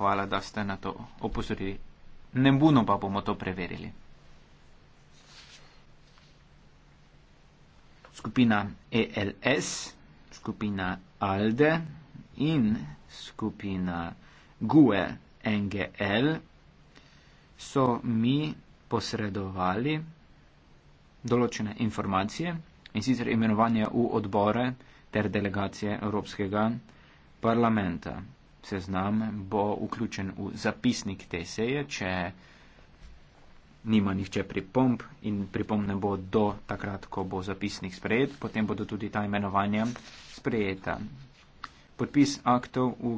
Hvala, da ste na to opozorili. Ne buno pa bomo to preverili. Skupina ELS, skupina ALDE in skupina GUE NGL so mi posredovali določene informacije in sicer imenovanje v odbore ter delegacije Evropskega parlamenta seznam bo vključen v zapisnik te seje, če nima nihče pripomb in pripomb ne bo do takrat, ko bo zapisnik sprejet, potem bodo tudi ta imenovanja sprejeta. Podpis aktov v